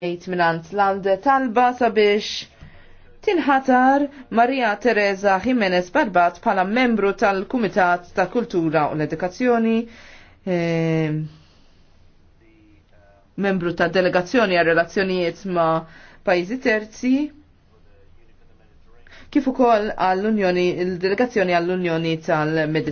Ejt minant l-alde talba sabiex tinħatar Maria Teresa Jimenez Barbat pala membru tal-Kumitat ta' Kultura u l-Edukazzjoni, eh, membru ta' delegazzjoni għal relazzjonijiet ma' pajzi terzi, kif ukoll għall-Unjoni, il-delegazzjoni għall-Unjoni tal-Mediterranju.